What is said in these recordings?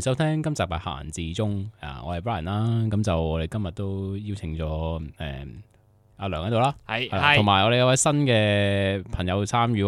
收聽今集係閒字中，啊，我係 Brian 啦，咁就我哋今日都邀請咗誒、呃、阿梁喺度啦，係是，同埋我哋有位新嘅朋友參與，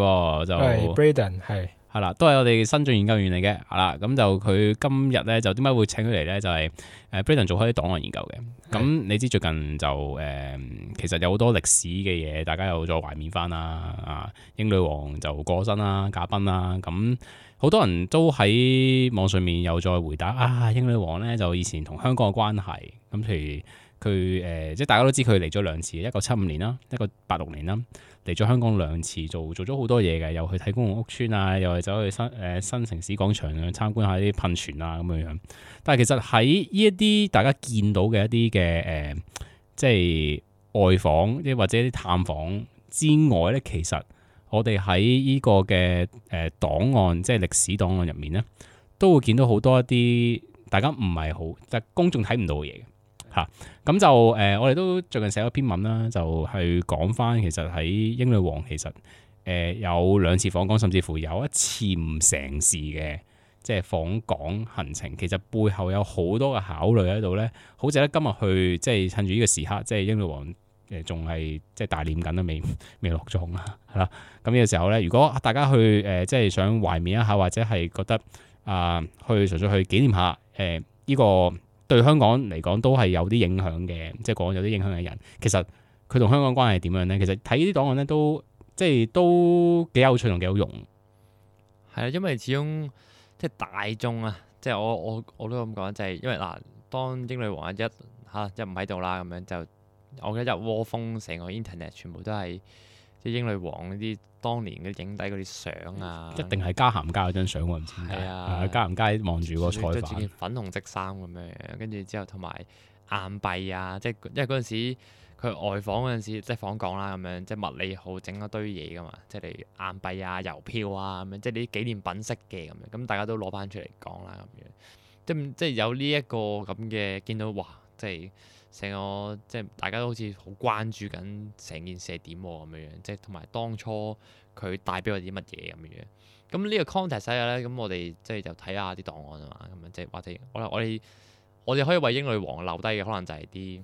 就，係，Brian，係，係啦的的，都係我哋新晉研究員嚟嘅，係啦，咁就佢今日咧就點解會請佢嚟咧？就係誒，Brian 做開啲檔案研究嘅，咁的你知最近就誒、呃，其實有好多歷史嘅嘢，大家又再懷緬翻啦，啊，英女王就過身啦，駕崩啦，咁、啊。啊啊啊好多人都喺網上面又再回答啊，英女王呢，就以前同香港嘅關係，咁譬如佢誒、呃，即係大家都知佢嚟咗兩次，一九七五年啦，一九八六年啦，嚟咗香港兩次做，做做咗好多嘢嘅，又去睇公共屋邨啊，又係走去新誒、呃、新城市廣場咁樣參觀下啲噴泉啊咁樣樣。但係其實喺呢一啲大家見到嘅一啲嘅誒，即係外訪即或者啲探訪之外呢，其實。我哋喺呢個嘅誒檔案，即係歷史檔案入面咧，都會見到好多一啲大家唔係好，即係公眾睇唔到嘅嘢嘅吓。咁就誒，我哋都最近寫咗篇文啦，就係講返其實喺英女王其實誒有兩次訪港，甚至乎有一次唔成事嘅，即係訪港行程。其實背後有好多嘅考慮喺度咧，好似咧今日去即係趁住呢個時刻，即係英女王。誒仲係即係大念緊都未未落葬啦，係啦。咁呢個時候咧，如果大家去誒、呃、即係想懷念一下，或者係覺得啊去、呃、純粹去紀念下誒呢、呃這個對香港嚟講都係有啲影響嘅，即係講有啲影響嘅人，其實佢同香港關係點樣咧？其實睇呢啲檔案咧都即係都幾有趣同幾有用。係啊，因為始終即係大眾啊，即、就、係、是、我我我都咁講，就係、是、因為嗱、啊，當英女王一嚇一唔喺度啦，咁、啊、樣就。我記得一窩蜂，成個 internet 全部都係即係英女王。嗰啲當年嘅影底嗰啲相啊！一定係嘉咸街嗰張相，我唔知啊。係啊，啊嘉咸街望住個採訪，穿穿件粉紅色衫咁樣，跟住之後同埋硬幣啊，即係因為嗰陣時佢外訪嗰陣時，即係訪港啦咁樣，即係麥理浩整一堆嘢噶嘛，即係例如硬幣啊、郵票啊咁樣，即係啲紀念品式嘅咁樣，咁大家都攞翻出嚟講啦咁樣，即係即係有呢、這、一個咁嘅見到哇，即係。成個即係大家都好似好關注緊成件事係點喎咁樣樣，即係同埋當初佢帶俾我啲乜嘢咁樣。咁呢個 context 下咧，咁我哋即係就睇下啲檔案啊嘛，咁樣即係或者我我哋我哋可以為英女王留低嘅可能就係啲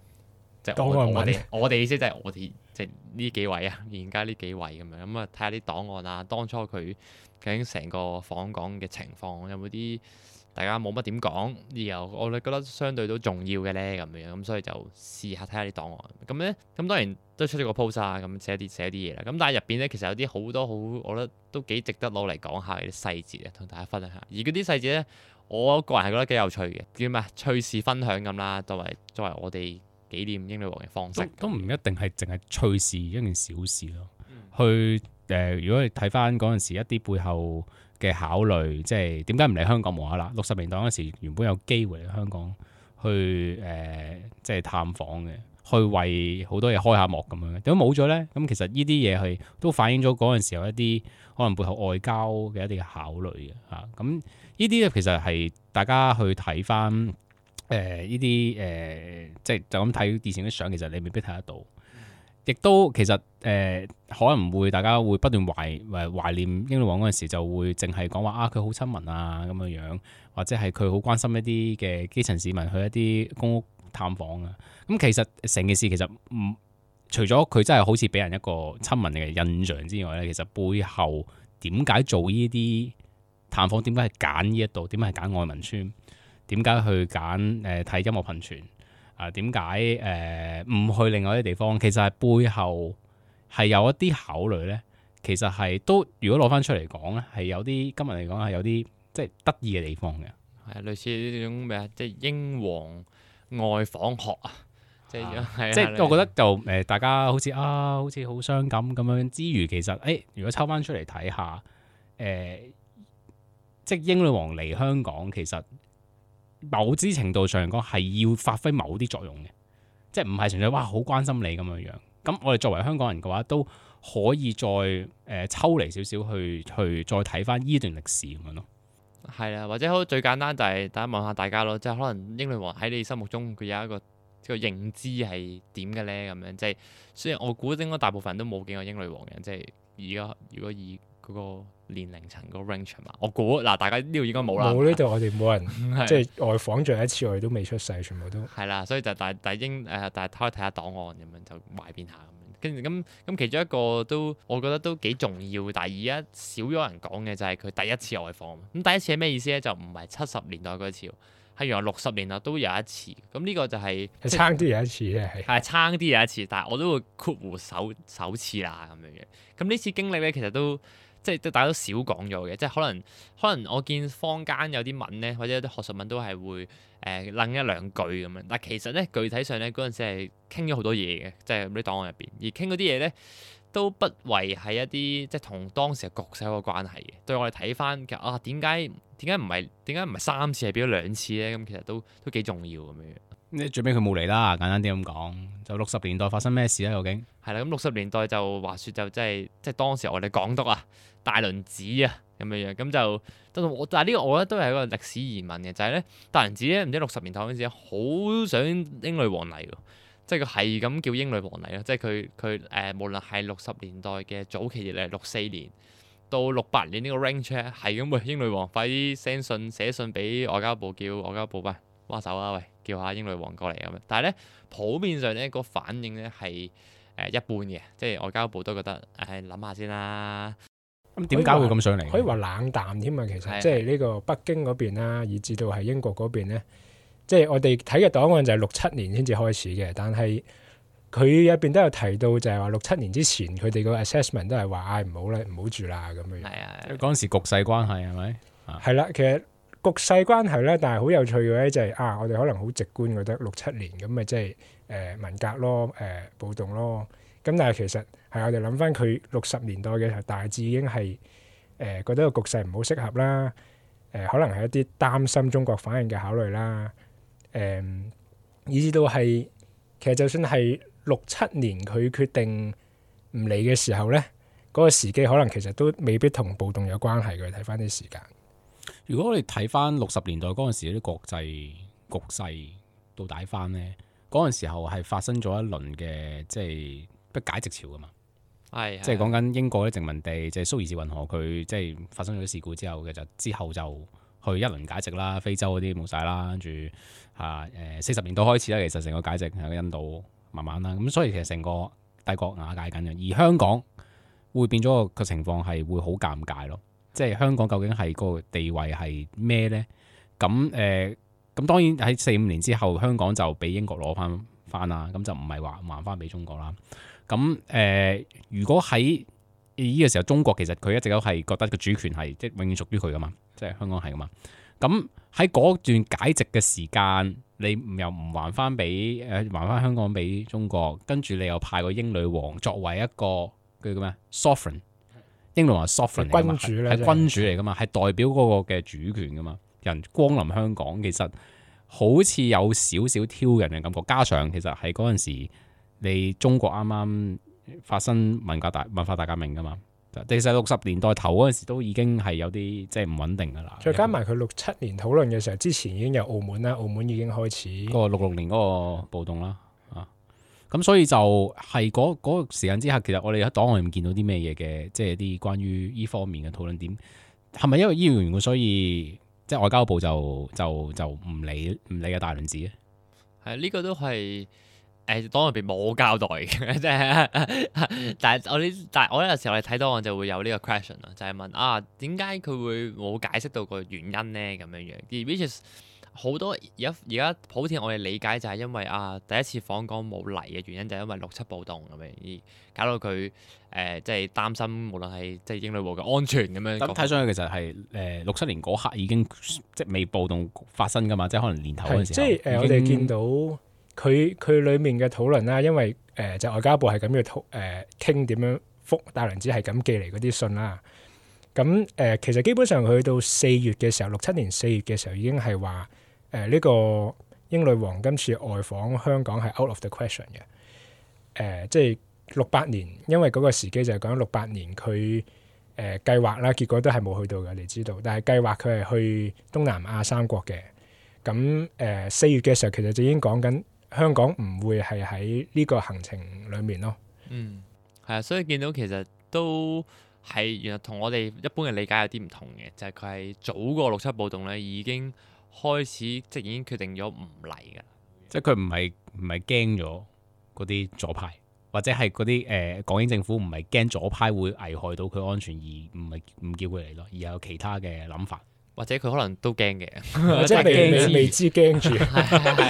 即係我哋我哋意思就係我哋即係呢幾位啊，而家呢幾位咁樣咁啊睇下啲檔案啊，當初佢究竟成個訪港嘅情況有冇啲？大家冇乜點講，然後我覺得相對都重要嘅咧咁樣，咁所以就試下睇下啲檔案。咁咧，咁當然都出咗個 post 啊，咁寫啲寫啲嘢啦。咁但係入邊咧，其實有啲好多好，我覺得都幾值得攞嚟講下啲細節啊，同大家分享下。而嗰啲細節咧，我個人係覺得幾有趣嘅，叫咩趣事分享咁啦，作為作為我哋紀念英女王嘅方式都。都唔一定係淨係趣事一件小事咯。嗯、去誒、呃，如果你睇翻嗰陣時一啲背後。嘅考慮，即係點解唔嚟香港摸下啦？六十 年代嗰時原本有機會嚟香港去誒、呃，即係探訪嘅，去為好多嘢開下幕咁樣。點解冇咗咧？咁其實呢啲嘢係都反映咗嗰陣時候一啲可能背後外交嘅一啲考慮嘅嚇。咁呢啲咧，其實係大家去睇翻誒呢啲誒，即係就咁睇以前啲相，其實你未必睇得到。亦都其實誒、呃，可能會大家會不斷懷誒懷念英女王嗰陣時，就會淨係講話啊，佢好親民啊咁樣樣，或者係佢好關心一啲嘅基層市民去一啲公屋探訪啊。咁、嗯、其實成件事其實唔除咗佢真係好似俾人一個親民嘅印象之外咧，其實背後點解做呢啲探訪？點解係揀呢一度？點解係揀愛民村？點解去揀誒睇音樂噴泉？啊點解誒唔去另外一啲地方？其實係背後係有一啲考慮咧。其實係都如果攞翻出嚟講咧，係有啲今日嚟講係有啲即係得意嘅地方嘅。係啊，類似呢種咩 啊，即係英皇外訪學啊，即係即係我覺得就誒、呃，大家好似啊，好似好傷感咁樣之餘，其實誒、欸，如果抽翻出嚟睇下誒，即係英女王嚟香港其實。某啲程度上講，係要發揮某啲作用嘅，即係唔係純粹哇好關心你咁樣樣。咁我哋作為香港人嘅話，都可以再誒、呃、抽離少少去去再睇翻呢段歷史咁樣咯。係啊，或者好最簡單就係、是、大家問，問下大家咯，即係可能英女王喺你心目中佢有一個即係認知係點嘅咧咁樣，即係雖然我估應該大部分都冇見過英女王嘅，即係而家如果以嗰、那個。年齡層個 range 嘛，我估嗱，大家呢度應該冇啦。冇呢度，我哋冇人即係外訪，最後一次都未出世，嗯、全部都係啦。所以就大大英誒、呃、大家可以睇下檔案咁樣就懷緬下咁樣，跟住咁咁其中一個都我覺得都幾重要。但係而家少咗人講嘅就係佢第一次外訪。咁第一次係咩意思咧？就唔係七十年代嗰次，係原來六十年代都有一次。咁呢個就係、是、差啲有一次嘅，係差啲有一次，就是、但係我都會括弧首首次啦咁樣嘅。咁呢次經歷咧，其實都～即係大家都少講咗嘅，即係可能可能我見坊間有啲文咧，或者有啲學術文都係會誒楞、呃、一兩句咁樣。嗱、啊，其實咧具體上咧嗰陣時係傾咗好多嘢嘅，即係啲檔案入邊。而傾嗰啲嘢咧都不為係一啲即係同當時嘅局勢有關係嘅。對我哋睇翻其實啊，點解點解唔係點解唔係三次係變咗兩次咧？咁其實都都幾重要咁樣。最尾佢冇嚟啦，簡單啲咁講，就六十年代發生咩事咧？究竟係啦，咁六十年代就話説就即係即係當時我哋港督啊，戴麟趾啊咁樣樣，咁就即係我但係呢個我覺得都係一個歷史疑問嘅，就係、是、咧戴麟趾咧、啊、唔知六十年代嗰陣時好想英女王嚟喎，即係佢係咁叫英女王嚟咯，即係佢佢誒無論係六十年代嘅早期定係六四年到六八年呢個 range 咧係咁喂英女王，快啲 send 信寫信俾外交部叫外交部吧。哇手啊！喂，叫下英女王過嚟咁樣，但係咧普遍上咧、個反應咧係誒一般嘅，即係外交部都覺得誒諗、哎、下先啦、啊。咁點解會咁上嚟？可以話冷淡添啊，其實即係呢個北京嗰邊啦、啊，以至到係英國嗰邊咧，即、就、係、是、我哋睇嘅檔案就係六七年先至開始嘅，但係佢入邊都有提到就係話六七年之前佢哋個 assessment 都係話唔好啦，唔好住啦咁嘅樣。啊，嗰陣時局勢關係係咪？係啦、啊的，其實。局勢關係呢，但係好有趣嘅呢，就係、是、啊，我哋可能好直觀覺得六七年咁咪，即係、就是呃、文革咯、呃，暴動咯。咁但係其實係我哋諗翻佢六十年代嘅時候，大致已經係誒、呃、覺得個局勢唔好適合啦。呃、可能係一啲擔心中國反應嘅考慮啦。呃、以至到係其實就算係六七年佢決定唔嚟嘅時候呢，嗰、那個時機可能其實都未必同暴動有關係嘅。睇翻啲時間。如果你睇翻六十年代嗰陣時啲國際局勢到底翻呢？嗰陣時候係發生咗一輪嘅即係不解殖潮噶嘛，哎、呀即係講緊英國啲殖民地，即係蘇伊士運河佢即係發生咗啲事故之後嘅，就之後就去一輪解殖啦，非洲嗰啲冇晒啦，跟住嚇誒四十年代開始咧，其實成個解殖喺印度慢慢啦，咁所以其實成個帝國瓦解緊嘅，而香港會變咗個情況係會好尷尬咯。即係香港究竟係個地位係咩呢？咁誒，咁當然喺四五年之後，香港就俾英國攞翻翻啦。咁就唔係話還翻俾中國啦。咁誒、呃，如果喺呢個時候，中國其實佢一直都係覺得個主權係即永遠屬於佢噶嘛，即係香港係噶嘛。咁喺嗰段解殖嘅時間，你又唔還翻俾誒，還翻香港俾中國，跟住你又派個英女王作為一個叫叫咩 sovereign？英皇話：soft，君主咧、啊、君主嚟噶嘛，係代表嗰個嘅主權噶嘛。人光臨香港，其實好似有少少挑釁嘅感覺。加上其實喺嗰陣時，你中國啱啱發生文革大文化大革命噶嘛，其實六十年代頭嗰陣時都已經係有啲即係唔穩定噶啦。再加埋佢六七年討論嘅時候，之前已經有澳門啦，澳門已經開始個六六年嗰個暴動啦。咁、嗯、所以就係嗰嗰個時間之下，其實我哋喺檔案入面見到啲咩嘢嘅，即係啲關於呢方面嘅討論點，係咪因為呢樣原因，所以即係外交部就就就唔理唔理嘅大輪子咧？係呢、呢個都係誒、呃、檔案入邊冇交代嘅，即 係。 但係我啲，但係我有時候我睇檔案就會有呢個 question、就係、啊，就係問啊，點解佢會冇解釋到個原因咧？咁樣嘅，即好多而家而家普遍我哋理解就係因為啊，第一次訪港冇嚟嘅原因就係因為六七暴動咁樣，而搞到佢誒即係擔心無論係即係英女王嘅安全咁樣。咁睇上去其實係誒六七年嗰刻已經即係未暴動發生噶嘛，即係可能年頭嗰陣時即係誒、呃、我哋見到佢佢裡面嘅討論啦，因為誒、呃、就係、外交部係咁樣討誒傾點樣覆大娘子係咁寄嚟嗰啲信啦。咁、啊、誒、呃、其實基本上去到四月嘅時候，六七年四月嘅時候已經係話。誒呢、呃這個英女王今次外訪香港係 out of the question 嘅，誒、呃、即係六八年，因為嗰個時機就係講六八年佢誒計劃啦，結果都係冇去到嘅，你知道。但係計劃佢係去東南亞三國嘅，咁誒四月嘅時候其實就已經講緊香港唔會係喺呢個行程裡面咯。嗯，係啊，所以見到其實都係原來同我哋一般嘅理解有啲唔同嘅，就係佢係早過六七暴動咧已經。開始即係已經決定咗唔嚟㗎啦，即係佢唔係唔係驚咗嗰啲左派，或者係嗰啲誒港英政府唔係驚左派會危害到佢安全而唔係唔叫佢嚟咯，而有其他嘅諗法，或者佢可能都驚嘅， 即係未 他未知驚住，係或者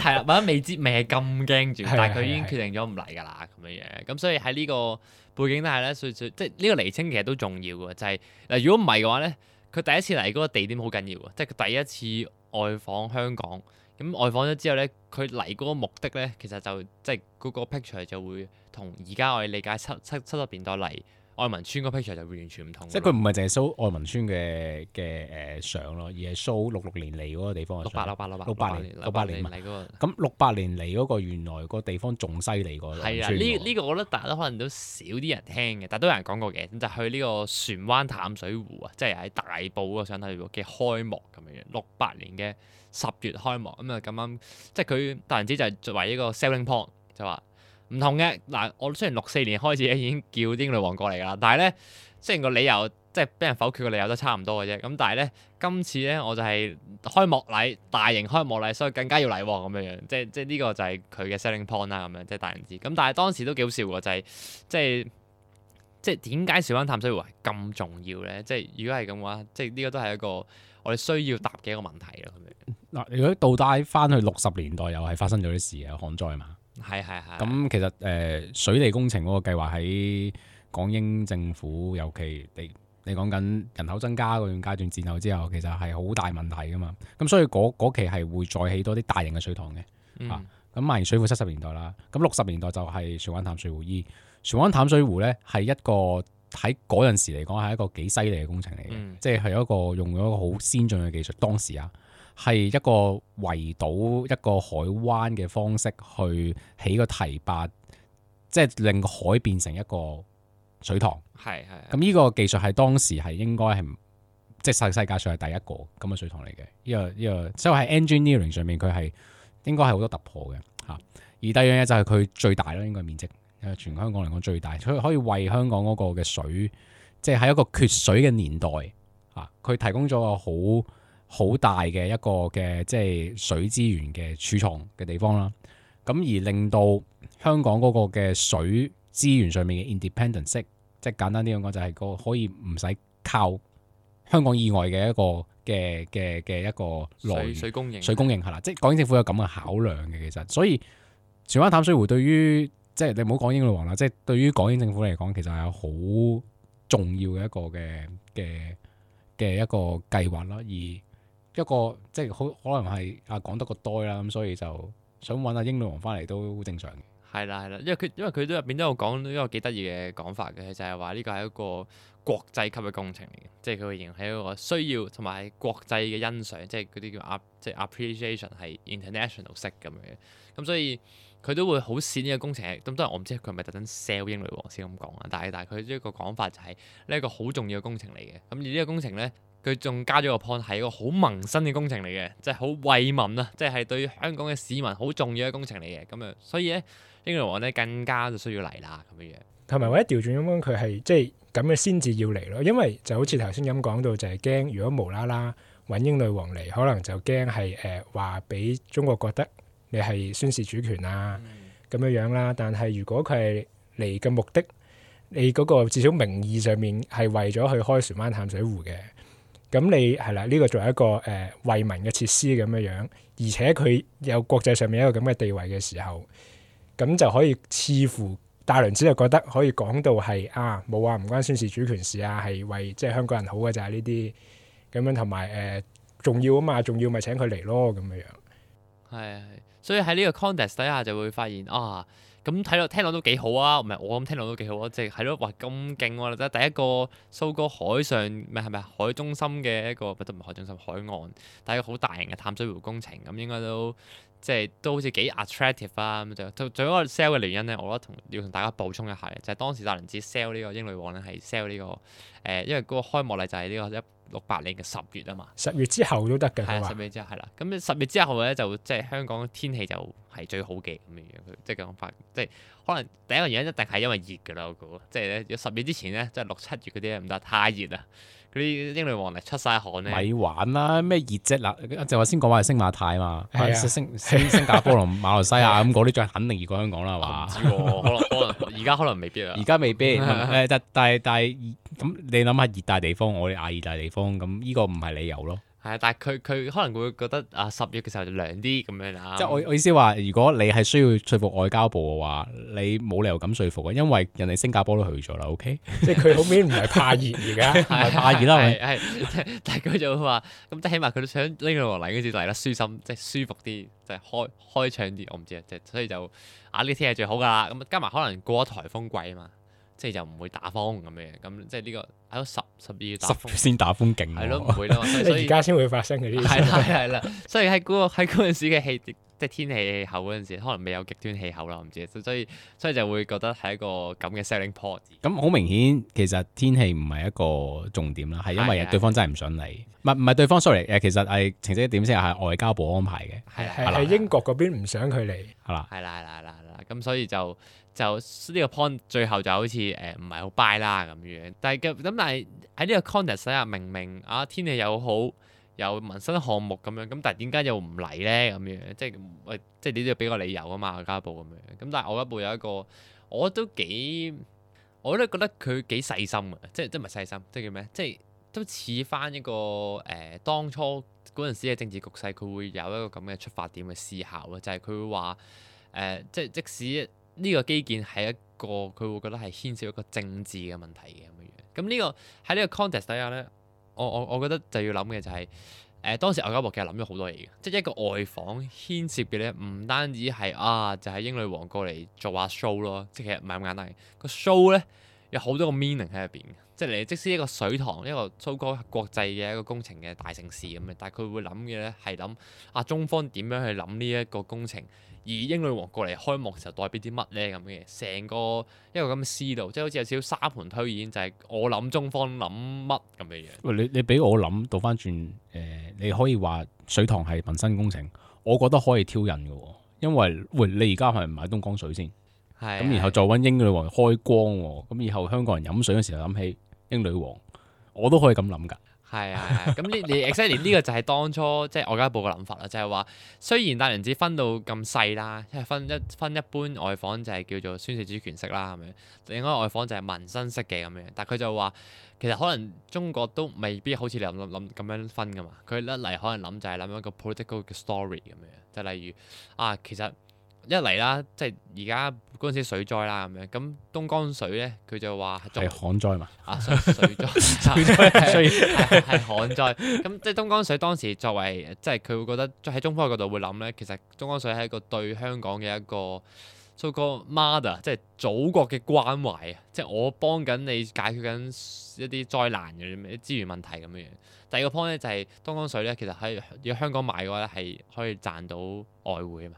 係啦，或者未知 未係咁驚住， 但係佢已經決定咗唔嚟㗎啦咁樣嘢，咁所以喺呢個背景底下咧，即係呢個釐清其實都重要嘅，就係、是、嗱如果唔係嘅話咧。佢第一次嚟嗰個地點好緊要啊，即係佢第一次外訪香港。咁外訪咗之後咧，佢嚟嗰個目的咧，其實就即係嗰個 picture 就會同而家我哋理解七七七十年代嚟。愛民村 picture 就會完全唔同，即係佢唔係淨係 show 愛民村嘅嘅誒相咯，而係 show 六六年嚟嗰個地方嘅。六八咯，八，六八年，六八年嚟嗰個。咁六八年嚟嗰個原來個地方仲犀利過。係啊，呢呢個我覺得大家都可能都少啲人聽嘅，但都有人講過嘅。咁就是、去呢個船灣淡水湖啊，即係喺大埔嗰上淡水嘅開幕咁樣樣，六八年嘅十月開幕，咁啊咁啱，即係佢突然之就是作為一個 selling point 就話、是。唔同嘅嗱，我雖然六四年開始已經叫英女王過嚟噶啦，但係咧雖然個理由即係俾人否決嘅理由都差唔多嘅啫，咁但係咧今次咧我就係開幕禮，大型開幕禮，所以更加要嚟喎咁樣樣，即即呢個就係佢嘅 selling point 啦，咁樣即係大銀知咁，但係當時都幾好笑嘅，就係、即係、即即點解船灣淡水湖係咁重要咧？即如果係咁話，即呢個都係一個我哋需要答嘅一個問題咯。嗱，如果倒帶翻去六十年代，又係發生咗啲事啊，旱災嘛。係係係。咁其實誒水利工程嗰個計劃喺港英政府，尤其你你講緊人口增加嗰段階段戰後之後，其實係好大問題噶嘛。咁所以嗰期係會再起多啲大型嘅水塘嘅。嚇、嗯，咁萬宜水庫七十年代啦，咁六十年代就係船灣淡水湖依。船灣淡水湖咧係一個喺嗰陣時嚟講係一個幾犀利嘅工程嚟嘅，嗯、即係係一個用咗一個好先進嘅技術，當時啊。係一個圍到一個海灣嘅方式去起個堤壩，即係令海變成一個水塘。係係的。咁呢個技術係當時係應該係即係世世界上係第一個咁嘅水塘嚟嘅。呢個呢個即係喺 engineering 上面佢係應該係好多突破嘅嚇、啊。而第二樣嘢就係佢最大咯，應該面積，因為全香港嚟講最大，所以可以為香港嗰個嘅水，即係喺一個缺水嘅年代嚇，佢、啊、提供咗個好。好大嘅一個嘅，即係水資源嘅儲藏嘅地方啦。咁而令到香港嗰個嘅水資源上面嘅 independence，即係簡單啲嚟講，就係、是、個可以唔使靠香港以外嘅一個嘅嘅嘅一個來水，水供應水供應係啦，即係港英政府有咁嘅考量嘅。其實，所以荃灣淡水湖對於即係、就是、你唔好講英女王啦，即、就、係、是、對於港英政府嚟講，其實係有好重要嘅一個嘅嘅嘅一個計劃啦，而。一個即係好可能係啊講得個多啦，咁、嗯、所以就想揾啊英女王翻嚟都好正常嘅。係啦係啦，因為佢因為佢都入邊都有講一個有幾得意嘅講法嘅，就係話呢個係一個國際級嘅工程嚟嘅，即係佢形容係一個需要同埋國際嘅欣賞，即係嗰啲叫亞即係 appreciation 係 international 式咁樣嘅。咁所以佢都會好閃呢個工程。咁當然我唔知佢係咪特登 sell 英女王先咁講啊。但係但係佢一個講法就係呢一個好重要嘅工程嚟嘅。咁而呢個工程咧。佢仲加咗個 point，係一個好民生嘅工程嚟嘅，即係好惠民啦，即係係對香港嘅市民好重要嘅工程嚟嘅。咁啊，所以咧英女王咧更加就需要嚟啦，咁嘅樣同埋或者調轉咁樣，佢係即係咁嘅先至要嚟咯，因為就好似頭先咁講到，就係、是、驚如果無啦啦揾英女王嚟，可能就驚係誒話俾中國覺得你係宣示主權啊咁嘅樣啦。但係如果佢係嚟嘅目的，你嗰、那個至少名義上面係為咗去開船灣淡水湖嘅。咁你係啦，呢、這個作為一個誒為、呃、民嘅設施咁樣樣，而且佢有國際上面一個咁嘅地位嘅時候，咁就可以似乎大良子又覺得可以講到係啊，冇話唔關宣示主權事啊，係為即係香港人好嘅就係呢啲咁樣，同埋誒重要啊嘛，重要咪請佢嚟咯咁樣樣。係，所以喺呢個 context 底下就會發現啊。哦咁睇落聽落都幾好啊，唔係我咁聽落都幾好啊，即係係咯，哇咁勁喎！即係第一個蘇哥海上咩係咪海中心嘅一個乜都唔係海中心海岸，但係個好大型嘅淡水湖工程，咁應該都即係都好似幾 attractive 啊！咁就最最一個 sell 嘅原因咧，我覺得同要同大家補充一下就係、是、當時達林子 sell 呢個英女王咧係 sell 呢、這個誒、呃，因為嗰個開幕禮就係呢個一六八年嘅十月啊嘛，十月之後都得㗎，係啊對，吧十月之後係啦，咁十月之後咧就即係香港天氣就。係最好嘅咁樣樣，即係咁樣，即係可能第一個原因一定係因為熱㗎啦，我估。即係十月之前咧，即係六七月嗰啲唔得，太熱啦。嗰啲英女王嚟出晒汗咧，咪玩啦？咩熱啫嗱？就話先講話係星馬泰嘛，啊、星新加坡同馬來西亞咁嗰啲，就 肯定熱過香港啦，係、啊啊、可能可能而家可能未必啊，而家 未必。誒， 但但係但係咁，你諗下熱帶地方，我哋亞熱帶地方，咁呢個唔係理由咯。係啊，但係佢佢可能會覺得啊十月嘅時候就涼啲咁樣啦。即係我我意思話，如果你係需要説服外交部嘅話，你冇理由咁説服嘅，因為人哋新加坡都去咗啦。OK， 即係佢好明顯唔係怕熱而家，係 怕熱啦。係 但係佢就會話，咁即係起碼佢都想拎到落嚟，跟住嚟得舒心，即係舒服啲，即係開開暢啲。我唔知啊，即所以就啊呢天係最好噶啦。咁加埋可能過咗颱風季啊嘛。即係就唔會打風咁嘅，咁即係呢個喺咯十十二月打風先打風勁，係咯唔會咯，所以而家先會發生嗰啲。係啦係啦，所以喺嗰喺嗰陣時嘅氣即係天氣氣候嗰陣時，可能未有極端氣候啦，我唔知，所以所以就會覺得係一個咁嘅 selling point。咁好明顯，其實天氣唔係一個重點啦，係因為對方真係唔想嚟，唔唔係對方 sorry，其實係澄清一點先，係外交部安排嘅，係啦，英國嗰邊唔想佢嚟，係啦，係啦係啦係啦，咁所以就。就呢個 point 最後就好似誒唔係好 buy 啦咁樣，但係嘅咁，但係喺呢個 contest 下，明明啊天氣又好，有民生項目咁樣，咁但係點解又唔嚟咧咁樣？即係即係你都要俾個理由啊嘛，外交部咁樣。咁但係外交部有一個，我都幾，我都覺得佢幾細心嘅，即係即係唔係細心，即係叫咩？即係都似翻一個誒、呃，當初嗰陣時嘅政治局勢，佢會有一個咁嘅出發點嘅思考咯，就係、是、佢會話誒、呃，即係即、即使。呢個基建係一個佢會覺得係牽涉一個政治嘅問題嘅咁嘅樣。咁呢、這個喺呢個 context 底下咧，我我我覺得就要諗嘅就係、是，誒、呃、當時外交部其實諗咗好多嘢嘅，即係一個外訪牽涉嘅咧，唔單止係啊，就係、是、英女王過嚟做下 show 咯，即係其實唔係咁簡單嘅。個 show 咧有好多個 meaning 喺入邊嘅，即係你即使一個水塘，一個超高國際嘅一個工程嘅大城市咁嘅，但係佢會諗嘅咧係諗啊中方點樣去諗呢一個工程。而英女王過嚟開幕時候代表啲乜呢？咁嘅，成個一個咁嘅思路，即係好似有少少沙盤推演，就係、是、我諗中方諗乜咁嘅嘢。喂，你你俾我諗倒翻轉，誒、呃，你可以話水塘係民生工程，我覺得可以挑釁嘅，因為喂，你而家係唔買東江水先，咁然後再揾英女王開光喎，咁以後香港人飲水嘅時候，諗起英女王，我都可以咁諗㗎。係啊，係啊，咁呢你 exactly 呢個就係當初即係外交部嘅諗法啦，就係、是就是、話雖然大良只分到咁細啦，即、就、係、是、分一分一般外訪就係叫做宣誓主權式啦，咁樣另一個外訪就係民生式嘅咁樣，但佢就話其實可能中國都未必好似你諗諗咁樣分㗎嘛，佢一嚟可能諗就係諗一個 political 嘅 story 咁樣，就是、例如啊其實。一嚟啦，即係而家嗰陣時水災啦咁樣，咁東江水咧，佢就話係旱災嘛，啊水災，水災，係旱 災。咁即係東江水當時作為，即係佢會覺得喺中方角度會諗咧，其實東江水係一個對香港嘅一個做個 mother，即係祖國嘅關懷啊，即係我幫緊你解決緊一啲災難嘅啲咩資源問題咁樣樣。第二個 point 咧就係東江水咧，其實喺如果香港買嘅話咧，係可以賺到外匯啊嘛。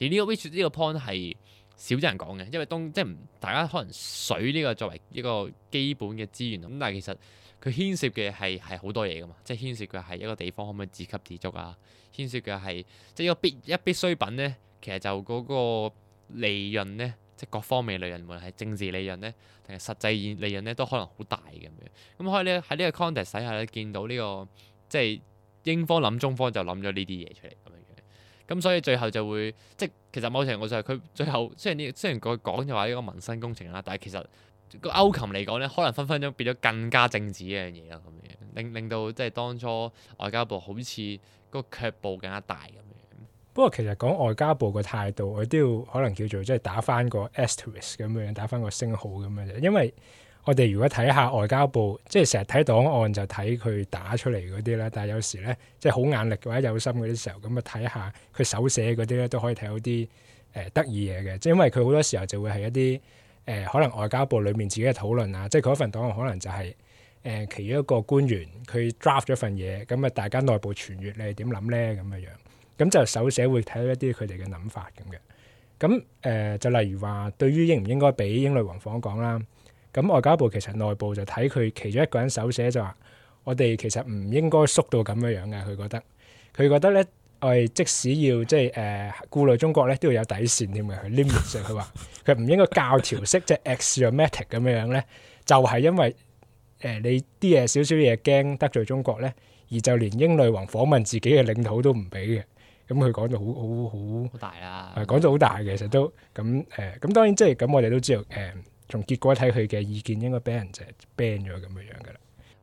而呢個 which 呢個 point 係少啲人講嘅，因為當即唔大家可能水呢個作為一個基本嘅資源咁，但係其實佢牽涉嘅係係好多嘢噶嘛，即係牽涉嘅係一個地方可唔可以自給自足啊，牽涉嘅係即係一個必一必需品咧，其實就嗰個利潤咧，即係各方面嘅利潤，無論係政治利潤咧，定係實際利潤咧，都可能好大嘅咁樣。咁可以咧喺呢個 context 底下咧，見到呢個即係英方諗，中方就諗咗呢啲嘢出嚟。咁所以最後就會即其實某程度上佢最後雖然啲、這個、雖然佢講就話呢個民生工程啦，但係其實個歐琴嚟講咧，可能分分鐘變咗更加政治一樣嘢咯咁樣，令令到即係當初外交部好似個卻步更加大咁樣。不過其實講外交部嘅態度，我都要可能叫做即係打翻個 asterisk 咁樣，打翻個星號咁樣，因為。我哋如果睇下外交部，即係成日睇檔案就睇佢打出嚟嗰啲啦。但係有時咧，即係好眼力或者有心嗰啲時候，咁啊睇下佢手寫嗰啲咧，都可以睇到啲誒得意嘢嘅。即、呃、係因為佢好多時候就會係一啲誒、呃、可能外交部裏面自己嘅討論啊。即係佢一份檔案可能就係、是、誒、呃、其中一個官員佢 draft 咗份嘢，咁啊大家內部傳閱，你點諗咧？咁嘅樣咁就手寫會睇到一啲佢哋嘅諗法咁嘅。咁誒就例如話，對於應唔應該俾英女王訪港啦？咁外交部其實內部就睇佢其中一個人手寫就話：我哋其實唔應該縮到咁樣樣嘅，佢覺得佢覺得呢，我哋即使要即係誒顧慮中國呢，都要有底線添嘅。limit，佢話佢唔應該教條式即係 axiomatic 咁樣樣呢，就係因為誒你啲嘢少少嘢驚得罪中國呢，而就連英女王訪問自己嘅領土都唔俾嘅。咁佢講到好好好好大啦，講到好大嘅，其實都咁誒咁。當然即係咁，我哋都知道誒。從結果睇，佢嘅意見應該俾人就 ban 咗咁嘅樣嘅啦。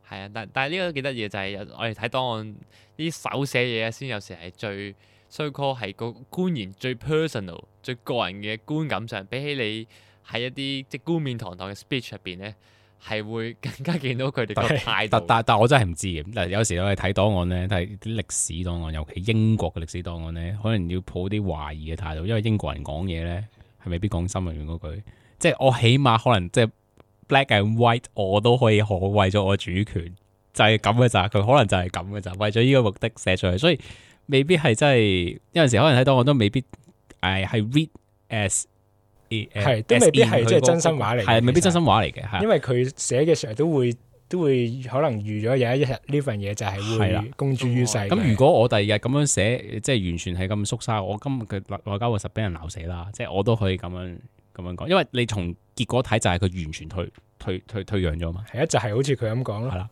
係啊，但但係呢個幾得意嘅就係、是，我哋睇檔案呢啲手寫嘢先，有時係最 so called 係個官員最 personal、最個人嘅觀感上，比起你喺一啲即冠冕堂堂嘅 speech 入邊咧，係會更加見到佢哋嘅態度。但但，但，但我真係唔知嘅。嗱，有時我哋睇檔案咧，睇啲歷史檔案，尤其英國嘅歷史檔案咧，可能要抱啲懷疑嘅態度，因為英國人講嘢咧係未必講心入面嗰句？即係我起碼可能即係 black and white，我都可以捍衞咗我主權，就係咁嘅咋。佢可能就係咁嘅咋，為咗呢個目的寫咗，所以未必係真係有陣時可能睇到我都未必誒係 read as 係是 as in 都未必係、那個、即係真心話嚟，嘅，未必真心話嚟嘅。因為佢寫嘅時候都會都會可能預咗有一日呢份嘢就係會公諸於世。咁如果我第二日咁樣寫，即係完全係咁縮沙，我今日嘅內外交會實俾人鬧死啦。即、就、係、是、我都可以咁樣。咁樣講，因為你從結果睇就係佢完全退退退退讓咗嘛，係啊，就係、是、好似佢咁講咯。係啦，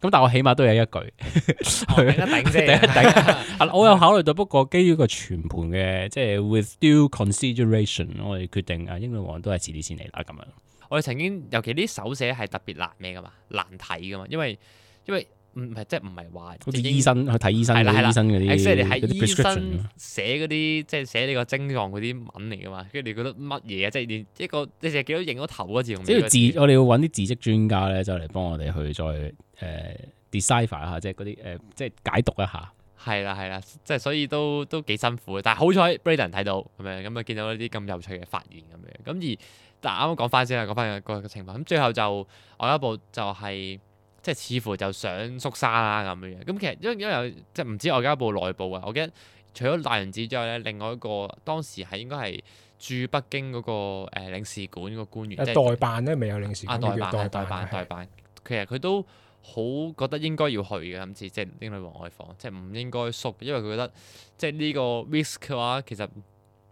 咁但係我起碼都有一句， 哦、頂一頂， 我有考慮到， 不過基於個全盤嘅即係 with due consideration，我哋決定啊，英女王都係遲啲先嚟啦咁樣。我哋曾經尤其啲手寫係特別難咩噶嘛，難睇噶嘛，因為因為。唔係，即係唔係話，好似醫生去睇醫生，醫生嗰啲，即係你係醫生寫嗰啲，即係寫你個症狀嗰啲文嚟嘅嘛。跟住你覺得乜嘢？即係連一個，你成幾多認嗰頭嗰字？即係字，我哋要揾啲字跡專家咧，就嚟幫我哋去再誒 decipher 下，即係嗰啲誒，即係解讀一下。係啦，係啦，即係所以都都幾辛苦，但係好彩，Braden 睇到咁樣，咁啊見到啲咁有趣嘅發現咁樣。咁而但係啱啱講翻先啦，講翻個情況。咁最後就我一部，就係。即係似乎就想縮沙啦咁樣樣，咁其實因因為即係唔知外交部內部啊。我記得除咗大雲志之外咧，另外一個當時係應該係駐北京嗰個誒領事館個官員，代辦咧，未有領事館代代是、啊、代辦代辦。其實佢都好覺得應該要去嘅，咁似即係英女王外訪，即係唔應該縮，因為佢覺得即係呢個 risk 嘅話，其實。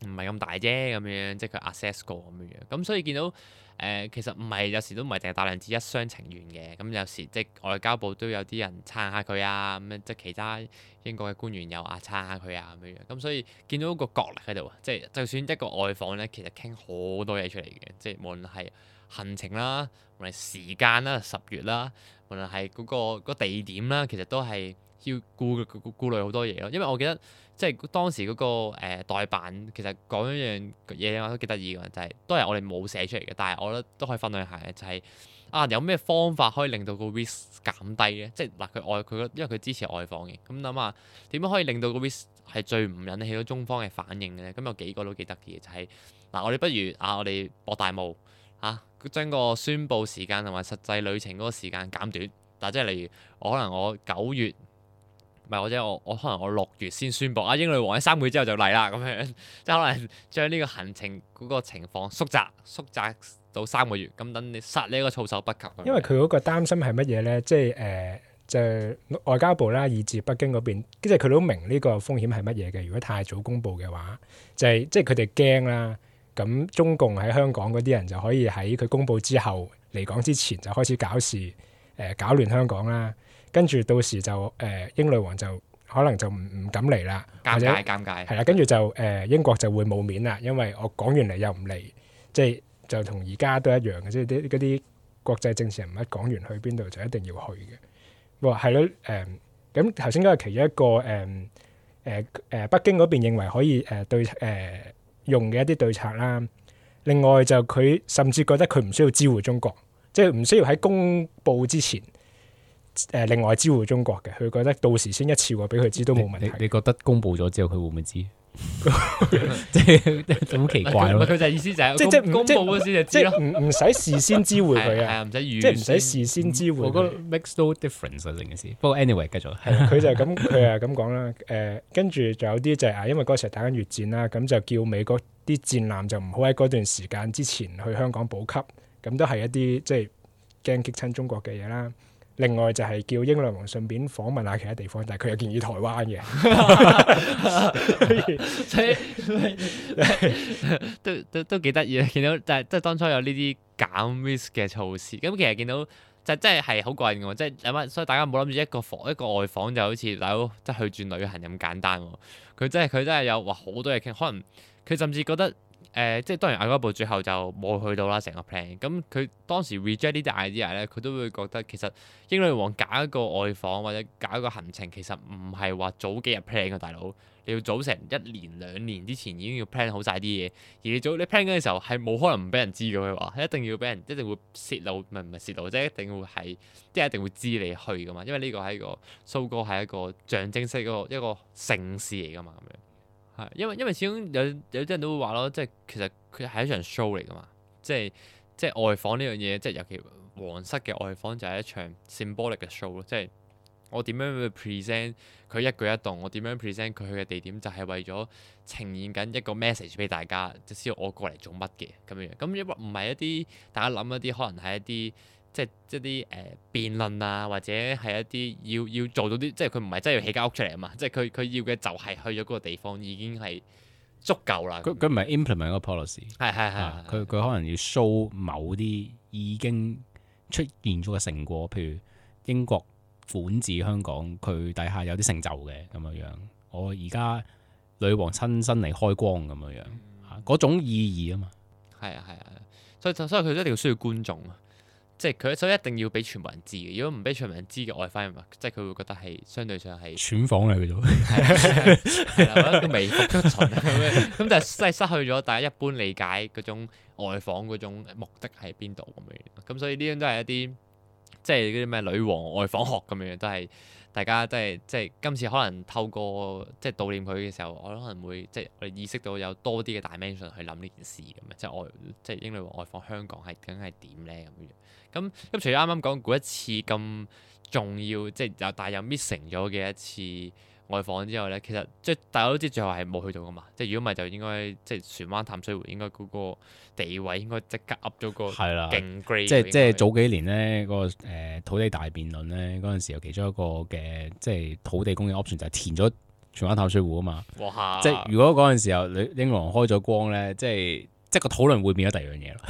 唔係咁大啫，咁樣即係佢 assess 過咁樣，咁所以見到誒其實唔係有時都唔係淨係大良子一廂情願嘅，咁有時即外交部都有啲人撐下佢啊，咁樣即其他英國嘅官員又啊撐下佢啊咁樣，咁所以見到個角力喺度啊，即就算一個外訪咧，其實傾好多嘢出嚟嘅，即無論係行程啦，無論係時間啦，十月啦，無論係嗰個個地點啦，其實都係要顧顧顧慮好多嘢咯，因為我記得。即係當時嗰、那個誒、呃、代辦，其實講一樣嘢我都幾得意嘅，就係、是、都係我哋冇寫出嚟嘅，但係我覺得都可以分享下嘅，就係、是、啊有咩方法可以令到個 risk 減低嘅？即係嗱，佢、啊、外佢因為佢支持外訪嘅，咁、嗯、諗下點樣可以令到個 risk 係最唔引起到中方嘅反應嘅咧？咁、嗯、有幾個都幾得意嘅，就係、是、嗱，我哋不如啊，我哋、啊、博大霧嚇、啊，將個宣佈時間同埋實際旅程嗰個時間減短，嗱，即係例如我可能我九月。唔係我即係我，我可能我六月先宣布啊，英女王喺三個月之後就嚟啦，咁樣 即係可能將呢個行程嗰個情況縮窄，縮窄到三個月，咁等你殺呢一個措手不及。因為佢嗰個擔心係乜嘢咧？即係誒，就外交部啦，以至北京嗰邊，即係佢都明呢個風險係乜嘢嘅。如果太早公布嘅話，就係即係佢哋驚啦。咁中共喺香港嗰啲人就可以喺佢公布之後嚟港之前就開始搞事，誒、呃、搞亂香港啦。跟住到時就誒、呃、英女王就可能就唔唔敢嚟啦，尷尬尷尬。係啦者尬，跟住就誒、呃、英國就會冇面啦，因為我講完嚟又唔嚟，即係就同而家都一樣嘅，即係啲嗰啲國際政治人物講完去邊度就一定要去嘅。哇、哦，係咯，誒咁頭先都係其中一個誒誒誒北京嗰邊認為可以誒對誒用嘅一啲對策啦。另外就佢甚至覺得佢唔需要知會中國，即係唔需要喺公佈之前。誒，另外支援中國嘅，佢覺得到時先一次過俾佢知都冇問題。你你覺得公布咗之後佢會唔會知？即係好奇怪咯。佢就意思就係即，即係即係公布嗰時就知咯，唔使事先支援佢啊，即係唔使事先支援。我覺得 makes no difference 啊，成件事。不過 anyway 繼續。佢 就咁，佢係咁講啦。誒、呃，跟住仲有啲就係因為嗰時打緊越戰啦，咁就叫美國啲戰艦就唔好喺嗰段時間之前去香港補給，咁都係一啲即係驚激親中國嘅嘢啦。另外就係叫英女王順便訪問下其他地方，但係佢又建議台灣嘅，所以都都都幾得意啊！見到即係、就是就是、當初有呢啲減 risk 嘅措施，咁其實見到就真係好過癮嘅喎，即係諗下，所以大家唔好諗住一個訪一個外訪就好似有即係去轉旅行咁簡單，佢真係佢真係有哇好多嘢傾，可能佢甚至覺得。誒、呃，即係當然，亞哥布最後就冇去到啦，成個 plan。咁佢當時 reject 呢啲 idea 咧，佢都會覺得其實英女王搞一個外訪或者搞一個行程，其實唔係話早幾日 plan 嘅，大佬你要早成一年兩年之前已經要 plan 好晒啲嘢。而你早你 plan 緊嘅時候係冇可能唔俾人知嘅佢話，一定要俾人，一定會泄露，唔係唔係泄露，即係一定會係即係一定會知你去嘅嘛，因為呢個係一個蘇哥係一個象徵式一個一個盛事嚟嘅嘛咁樣。係，因為因為始終有有啲人都會話咯，即係其實佢係一場 show 嚟噶嘛，即係即係外訪呢樣嘢，即係尤其皇室嘅外訪就係一場 symbolic 嘅 show 咯，即係我點樣去 present 佢一舉一動，我點樣 present 佢佢嘅地點，就係為咗呈現緊一個 message 俾大家，即係我過嚟做乜嘅咁樣，咁一唔係一啲大家諗一啲可能係一啲。即係即係啲誒辯論啊，或者係一啲要要做到啲，即係佢唔係真係要起間屋出嚟啊嘛！即係佢佢要嘅就係去咗嗰個地方已經係足夠啦。佢佢唔係 implement 嗰個 policy，係係係。佢佢的的可能要 show 某啲已經出現咗嘅成果，譬如英國管治香港，佢底下有啲成就嘅咁樣樣。我而家女王親身嚟開光咁樣樣，嗰、嗯啊、種意義啊嘛。係啊係啊，所以所以佢一定要需要觀眾啊。即係佢，所以一定要俾全部人知嘅。如果唔俾全部人知嘅外訪，即係佢會覺得係相對上係私訪嚟嘅啫。係啦，一個 微服出巡，咁咁就真係失去咗大家一般理解嗰種外訪嗰種目的喺邊度咁樣。咁所以呢啲都係一啲即係嗰啲咩女王外訪學咁樣都係。大家即係即係今次可能透過即係悼念佢嘅時候，我可能會即係我哋意識到有多啲嘅大 dimension 去諗呢件事咁樣，即係外即係英女王外訪香港係究竟係點咧咁樣呢。咁咁除咗啱啱講嗰一次咁重要，即係又但又 missing 咗嘅一次。外房之後咧，其實即係大家都知最後係冇去到噶嘛。即係如果唔係，就應該即係荃灣淡水湖應該嗰個地位應該，刻應該即刻噏咗個係啦，勁即係即係早幾年咧嗰、那個、呃、土地大辯論咧嗰陣時候有其中一個嘅即係土地供應 option 就填咗荃灣淡水湖啊嘛。哇即係如果嗰陣時候你英皇開咗光咧，即係即係個討論會變咗第二樣嘢咯。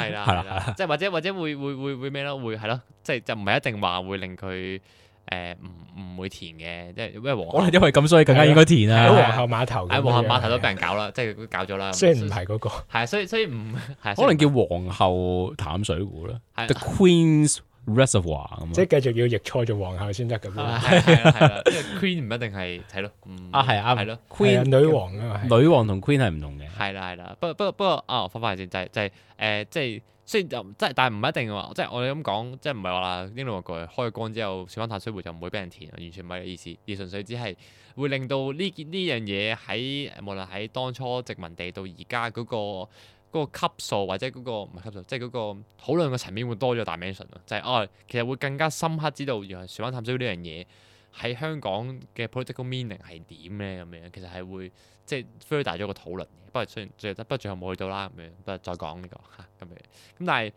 係啦，係啦，即係或者或者會會會會咩咯？會係咯，即係就唔、是、係一定話會令佢。誒唔唔會填嘅，即係咩為可能因為咁所以更加應該填啊。喺皇后碼頭，喺皇后碼頭都俾人搞啦，即係搞咗啦。雖然唔係嗰個，係啊，所以所以唔可能叫皇后淡水湖啦，The Queen's Reservoir 咁即係繼續要譯晒做皇后先得咁咯。係啦，因為 Queen 唔一定係係咯，啊係啊係咯，Queen 女王啊嘛，女王同 Queen 係唔同嘅。係啦係啦，不不過不過啊，快快先就係就係誒即係。雖然就即係，但係唔一定話，即係我哋咁講，即係唔係話英六個句開咗光之後，荃灣淡水湖就唔會俾人填，完全唔係個意思，而純粹只係會令到呢呢樣嘢喺無論喺當初殖民地到而家嗰個嗰、嗰個級數或者嗰、嗰個唔係級數，即係嗰個討論嘅層面會多咗大 dimension 咯，就係、是、哦、哎，其實會更加深刻知道原來荃灣淡水湖呢樣嘢。喺香港嘅 political meaning 係點咧？咁樣其實係會即係 further 大咗個討論嘅。不過雖然最後得，不過最後冇去到啦咁樣，不過再講呢個嚇咁樣咁，但係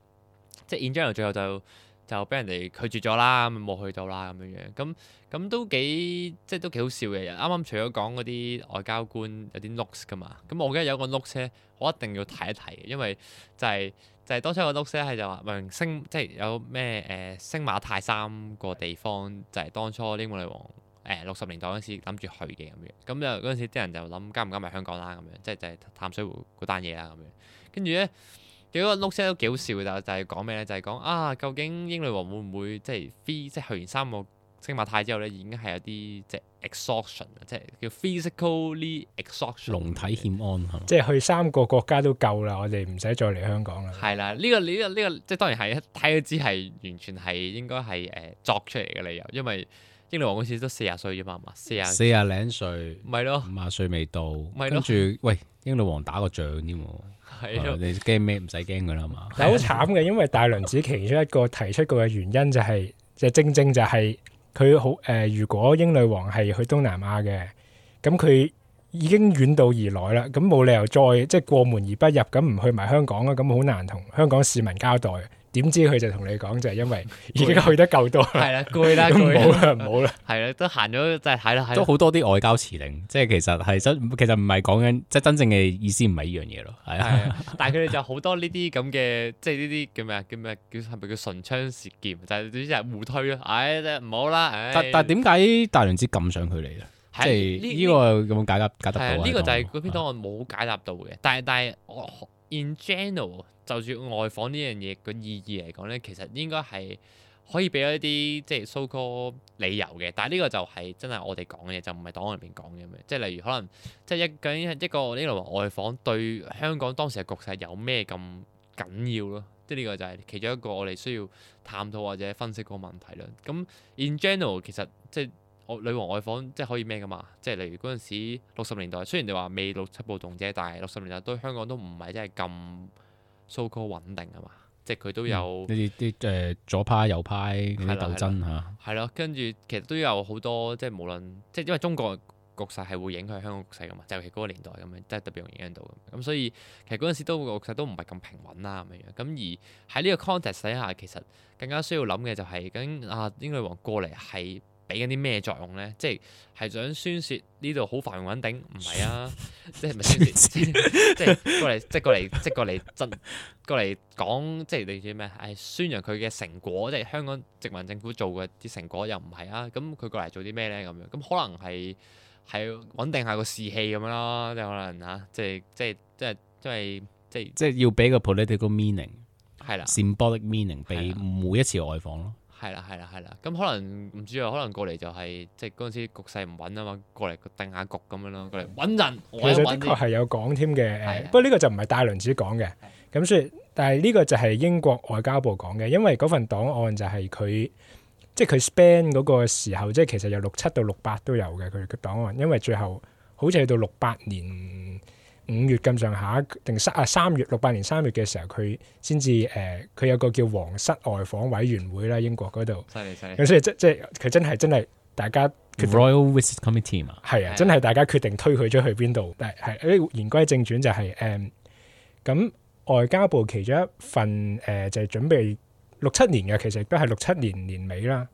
即係 in general 最後就就俾人哋拒絕咗啦，咁冇去到啦咁樣樣咁咁都幾即係都幾好笑嘅。啱啱除咗講嗰啲外交官有啲 looks 噶嘛，咁我記得有個 looks 咧，我一定要提一提嘅，因為就係、是。就係當初個 looksee 係就話，唔星即係有咩誒星馬泰三個地方，就係、是、當初英女王誒六十年代嗰時諗住去嘅咁樣，咁就嗰陣時啲人就諗加唔加埋香港啦咁樣，即係就係、是、探水湖嗰單嘢啦咁樣。跟住咧，幾個 looksee 都幾好笑，就就係講咩咧？就係、是、講啊，究竟英女王會唔會即係飛即係去完三個？星馬泰之後咧，已經係有啲即 exhaustion，即叫 physically exhaustion。龍體欠安係嘛？即去三個國家都夠啦，我哋唔使再嚟香港啦。係啦，呢個呢個呢個即當然係一睇都知係完全係應該係誒作出嚟嘅理由，因為英女王好似都四廿歲咗嘛嘛，四廿四廿零歲，咪咯，五廿歲未到，咪咯。跟住喂，英女王打個仗添喎，你驚咩？唔使驚㗎啦嘛。好慘嘅，因為大娘子其中一個提出過嘅原因就係，即正正就係。佢好誒，如果英女王係去東南亞嘅，咁佢已經遠道而來啦，咁冇理由再即係過門而不入，咁唔去埋香港啦，咁好難同香港市民交代。點知佢就同你講就係因為已經去得夠多啦，係啦，攰啦，攰啦，唔好啦，係啦，都行咗就係睇啦，都好多啲外交辭令，即係其實係真，其實唔係講緊，即係真正嘅意思唔係依樣嘢咯，係啊，但係佢哋就好多呢啲咁嘅，即係呢啲叫咩叫咩？叫係咪叫唇槍舌劍？就係總之係互推咯，唉，唔好啦，但但點解大良知咁上佢嚟咧？即係呢個有冇解答解答到啊？呢個就係嗰篇檔案冇解答到嘅，但係但係我。In general，就算外訪呢樣嘢個意義嚟講咧，其實應該係可以俾一啲即係 so call 理由嘅。但係呢個就係真係我哋講嘅嘢，就唔係檔案入邊講嘅咩？即係例如可能即係一究竟一個呢度外訪對香港當時嘅局勢有咩咁緊要咯？即係呢個就係其中一個我哋需要探討或者分析個問題啦。咁 In general，其實即係。女王外訪即係可以咩噶嘛？即係例如嗰陣時六十年代，雖然你話未六七暴動啫，但係六十年代都香港都唔係真係咁 so called 穩定啊嘛。即係佢都有呢啲啲誒左派右派啲鬥爭嚇。係咯，跟住其實都有好多即係無論即係因為中國局勢係會影響香港局勢噶嘛，就係嗰個年代咁樣，即係特別容易影響到咁、嗯。所以其實嗰陣時都局勢都唔係咁平穩啦咁樣。咁而喺呢個 context 底下，其實更加需要諗嘅就係究竟啊，英女王過嚟係。俾緊啲咩作用咧？即係係想宣泄呢度好繁榮穩定？唔係啊！ 即係咪宣泄？ 即係過嚟，即過嚟，即過嚟，過嚟講，即係你叫咩？係宣揚佢嘅成果，即係香港殖民政府做嘅啲成果又唔係啊！咁佢過嚟做啲咩咧？咁樣咁可能係係穩定下個士氣咁樣咯。即係可能嚇、啊，即係即係即係即係即係要俾個 political meaning，係啦，symbolic meaning 俾每一次外訪咯的。係啦，係啦，係啦。咁可能唔知啊，可能過嚟就係、是、即係嗰陣時局勢唔穩啊嘛，過嚟定下局咁樣咯，過嚟搵人，找找其實的確係有講添嘅，的不過呢個就唔係大輪子講嘅，咁的所以，但係呢個就係英國外交部講嘅，因為嗰份檔案就係佢，即係佢 span 嗰個時候，即係其實由六七到六八都有嘅，佢嘅檔案，因為最後好似去到六八年。五月咁上下定三啊三月六八年三月嘅時候，佢先至誒，佢、呃、有個叫皇室外訪委員會啦，英國嗰度。犀利，犀利。咁所以即即佢真係真係大家。Royal visits committee 嘛。係啊，真係大家決定推佢咗去邊度。但係誒言歸正傳就係、是、誒，咁、嗯、外交部其中一份誒、嗯、就係、是準，嗯就是、準備六七年嘅，其實都係六七年年尾啦。誒、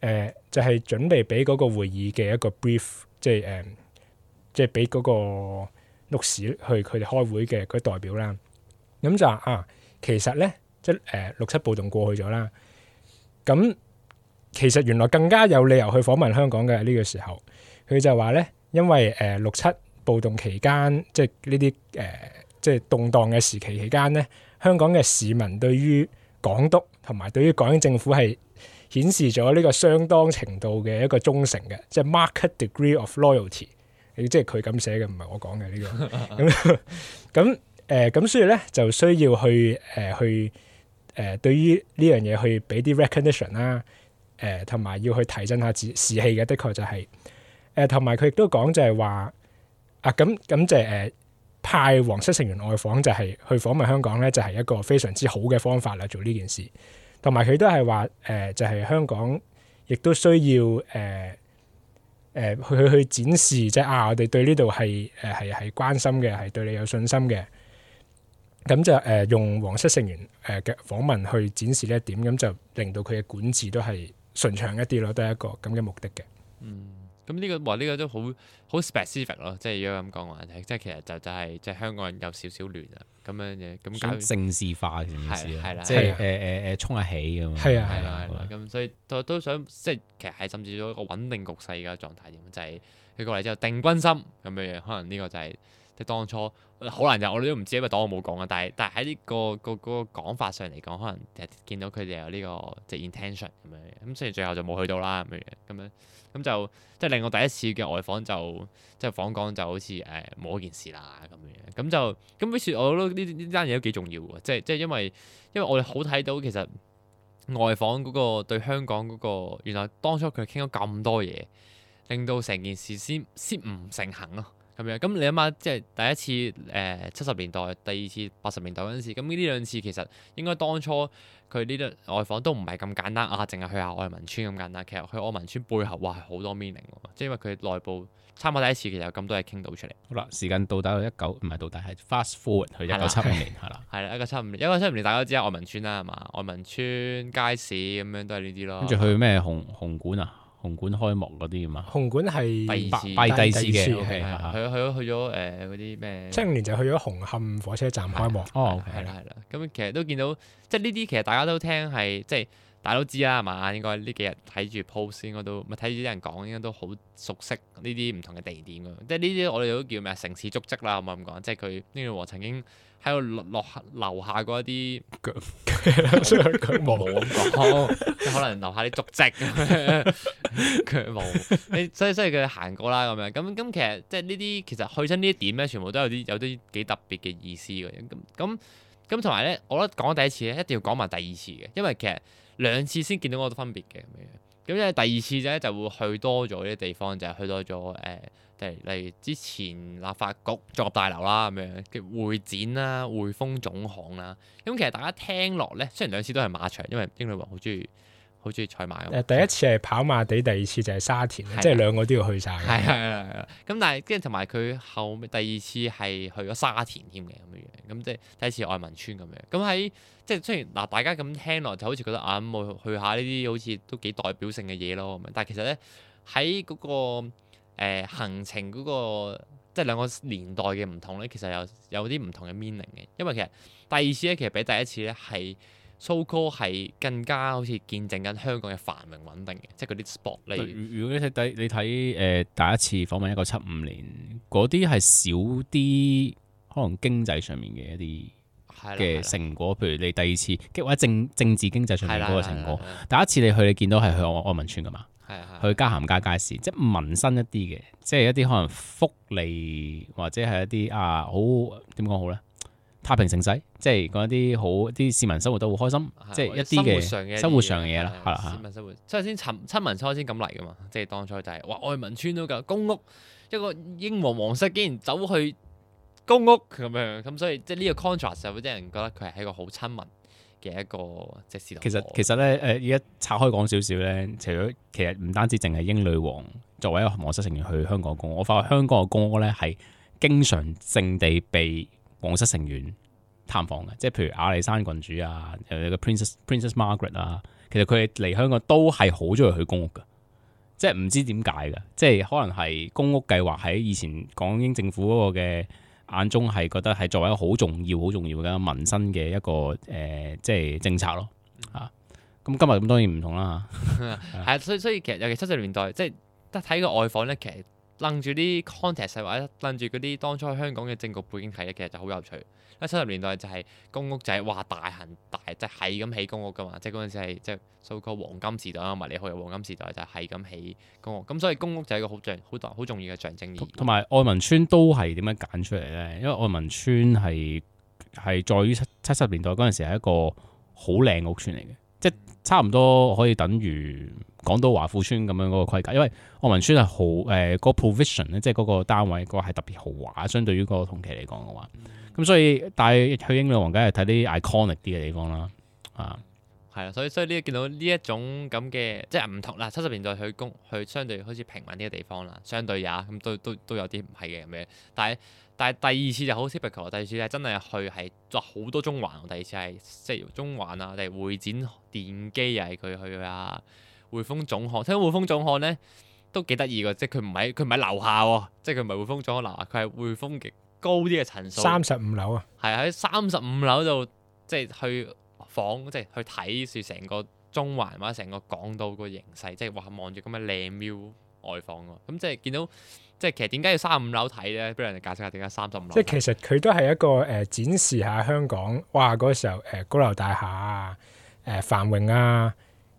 嗯、就係、是、準備俾嗰個會議嘅一個 brief，即係誒、嗯，即係俾嗰個。六市去佢哋開會嘅佢代表啦，咁就話啊，其實呢，即係誒、呃、六七暴動過去咗啦，咁其實原來更加有理由去訪問香港嘅，呢、呢個時候，佢就話呢，因為誒、呃、六七暴動期間，即係呢啲誒即係動盪嘅時期期間呢，香港嘅市民對於港督同埋對於港英政府係顯示咗呢個相當程度嘅一個忠誠嘅，即係 market degree of loyalty。要即係佢咁寫嘅，唔係我講嘅呢個咁，咁誒，咁所以咧就需要 ome 去誒，去誒，對於呢樣嘢去俾啲 recognition 啦，誒，同埋要去提振下士士氣嘅，的確就係誒，同埋佢亦都講就係話啊，咁咁就誒派皇室成員外訪就係去訪問香港咧，就係一個非常之好嘅方法啦，做呢件事，同埋佢都係話誒，就係香港亦都需要誒。誒、呃、去去展示即係啊！我哋對呢度係誒係係關心嘅，係對你有信心嘅。咁就誒、呃、用皇室成員誒嘅訪問去展示呢一點，咁就令到佢嘅管治都係順暢一啲咯，都係一個咁嘅目的嘅。嗯。咁呢、這個話呢個都好好 specific 咯，即係如果咁講嘅話，即係其實就是、就係即係香港人有少少亂啊咁樣嘅，咁搞政治化嘅意思，即係誒誒誒沖下喜咁啊，係啊，係啦，咁所以都都想即係其實係甚至咗一個穩定局勢嘅狀態點，就係、是、佢過嚟之後定軍心咁樣，可能呢個就係、是、即係當初。好難就我哋都唔知，因為當我冇講啊。但係但係喺呢個個個講法上嚟講，可能誒見到佢哋有呢個即係 intention 咁樣，咁所以最後就冇去到啦咁樣，咁樣咁就即係令我第一次嘅外訪就即係訪港就好似誒冇一件事啦咁樣。咁就咁啲説，我覺得呢呢單嘢都幾重要嘅，即係即係因為因為我哋好睇到其實外訪嗰個對香港嗰個，原來當初佢傾咗咁多嘢，令到成件事先先唔成行咯。咁樣，咁你諗下，即係第一次誒七十年代，第二次八十年代嗰陣時，咁呢兩次其實應該當初佢呢輪外訪都唔係咁簡單啊，淨係去下愛民村咁簡單。其實去愛民村背後，哇，係好多 meaning 喎、啊，即係因為佢內部差唔多第一次其實有咁多嘢傾到出嚟。好啦，時間倒帶到一九，唔係到底，係 fast forward 去一九七五年係啦。係啦，一九七五年，一九七五年大家都知啊，愛民村啦，係嘛？愛民村街市咁樣都係呢啲咯。跟住去咩紅紅館啊？紅館開幕嗰啲嘛，紅館係拜第次嘅，係係去咗去咗誒嗰啲咩？七五年就去咗紅磡火車站開幕，係啦係啦，咁其實都見到，即係呢啲其實大家都聽係即係。就係大家都知啦，係嘛？應該呢幾日睇住 post，應該都睇住啲人講，應該都好熟悉呢啲唔同嘅地點㗎。即係呢啲我哋都叫咩城市足跡啦，可唔可以咁講？即係佢呢度曾經喺度落下留下過一啲腳腳毛咁講，即 可能留下啲足跡腳毛。所以所以佢行過啦，咁樣咁咁其實即係呢啲其實去親呢啲點咧，全部都有啲有啲幾特別嘅意思嘅。咁咁同埋咧，我覺得講第一次一定要講埋第二次嘅，因為其實。兩次先見到嗰個分別嘅咁樣，咁因為第二次就咧就會去多咗啲地方，就係去多咗誒，例、呃、例如之前立法局綜合大樓啦，咁樣嘅會展啦、啊、匯豐總行啦、啊。咁、嗯、其實大家聽落咧，雖然兩次都係馬場，因為英女王好鍾意。好中意賽馬喎！誒，第一次係跑馬地，第二次就係沙田咧，即係兩個都要去晒嘅。係係係。咁但係跟住同埋佢後尾第二次係去咗沙田添嘅咁樣樣，咁即係第一次愛民村咁樣。咁喺即係雖然嗱，大家咁聽落就好似覺得啊，咁去下呢啲好似都幾代表性嘅嘢咯，咁樣。但係其實咧喺嗰個、呃、行程嗰個即係兩個年代嘅唔同咧，其實有有啲唔同嘅 meaning 嘅。因為其實第二次咧，其實比第一次咧係。蘇哥係更加好似見證緊香港嘅繁榮穩定嘅，即係嗰啲 sport 如果你睇第你睇誒第一次訪問一九七五年，嗰啲係少啲可能經濟上面嘅一啲嘅的成果，譬如你第二次，或者政政治經濟上面嗰個成果。第一次你去你見到係去愛愛民邨㗎嘛？去嘉咸街街市，即係民生一啲嘅，即係一啲可能福利或者係一啲啊好點講好呢？太平盛世，即係講一啲好啲市民生活都好開心，的即係一啲嘅生活上嘅嘢啦，嚇嚇。市民生活即係的先親親民初先咁嚟噶嘛，即係當初就係、是、哇愛民村都夠公屋，一個英皇皇室竟然走去公屋咁樣，咁所以即係呢個 contrast 有啲人覺得佢係一個好親民嘅一個即係。其實其實咧誒，而家、呃、拆開講少少咧，除咗其實唔單止淨係英女王作為一個皇室成員去香港公屋，我發覺香港嘅公屋咧係經常性地被。皇室成員探訪嘅，即係譬如亞利山郡主啊，又有個 Princess Princess Margaret 啊，其實佢哋嚟香港都係好中意去公屋㗎，即係唔知點解㗎，即係可能係公屋計劃喺以前港英政府嗰個嘅眼中係覺得係作為一個好重要、好重要嘅民生嘅一個誒，即係政策咯嚇。咁今日咁當然唔同啦，係啊，所以所以其實尤其七十年代，即係睇個外訪咧，其實。楞住啲 context 細話，楞住嗰啲當初香港嘅政局背景睇咧，其實就好有趣。因為七十年代就係公屋就係哇大行大即係咁起公屋㗎嘛，即係嗰陣時係即係所謂個黃金時代啊，麥理浩嘅黃金時代就係咁起公屋。咁所以公屋就係一個好象好好重要嘅象徵。同埋愛民村都係點樣揀出嚟咧？因為愛民村係係在於七七十年代嗰陣時係一個好靚嘅屋村嚟嘅。即係差唔多可以等於港島華富邨咁樣嗰個規格，因為愛民邨係好誒個 provision 咧，即係嗰個單位個係特別豪華，相對於嗰個同期嚟講嘅話，咁所以但係去英女王梗係睇啲 iconic 啲嘅地方啦，啊係啊，所以、啊、所以呢個見到呢一種咁嘅即係唔同啦，七十年代去供去相對開始平穩啲嘅地方啦，相對也，咁都都都有啲唔係嘅咁樣，但係。但係第二次就好 special 喎，第二次係真係去係作好多中環，第二次係即係中環啊，我哋會展電機又係佢去啊，匯豐總行。聽講匯豐總行咧都幾得意嘅，即係佢唔喺佢唔喺樓下喎，即係佢唔係匯豐總行樓下，佢係匯豐極高啲嘅層數，三十五樓啊，係喺三十五樓度即係去房即係去睇住成個中環或者成個港島個形勢，即係話望住咁嘅靚 view 外房喎，咁即係見到。即係其實點解要三十五樓睇咧？俾人哋解釋下點解三十五樓。即係其實佢都係一個誒、呃、展示下香港，哇！嗰、那個、時候誒、呃、高樓大廈啊，誒、呃、繁榮啊，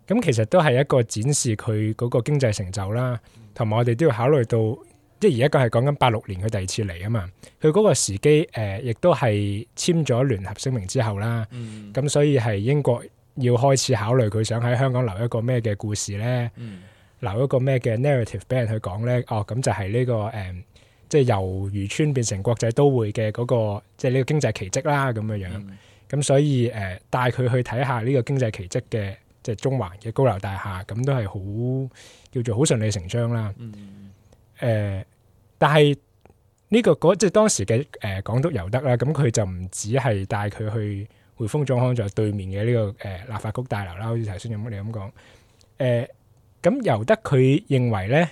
咁、嗯嗯、其實都係一個展示佢嗰個經濟成就啦。同埋我哋都要考慮到，即係而家佢係講緊八六年佢第二次嚟啊嘛。佢嗰個時機亦都係簽咗聯合聲明之後啦。咁、嗯、所以係英國要開始考慮佢想喺香港留一個咩嘅故事咧。嗯留一個咩嘅 narrative 俾人去講呢？哦，咁就係呢、這個誒、呃，即係由漁村變成國際都會嘅嗰、那個，即係呢個經濟奇蹟啦咁樣樣。咁、嗯、所以誒、呃，帶佢去睇下呢個經濟奇蹟嘅，即係中環嘅高樓大廈，咁都係好叫做好順理成章啦。誒、嗯呃，但係呢、這個嗰即係當時嘅誒、呃、港督尤德啦，咁、呃、佢就唔止係帶佢去匯豐總行，就係對面嘅呢、這個誒、呃、立法局大樓啦，好似頭先有乜你咁講誒。呃呃呃咁由得佢認為呢，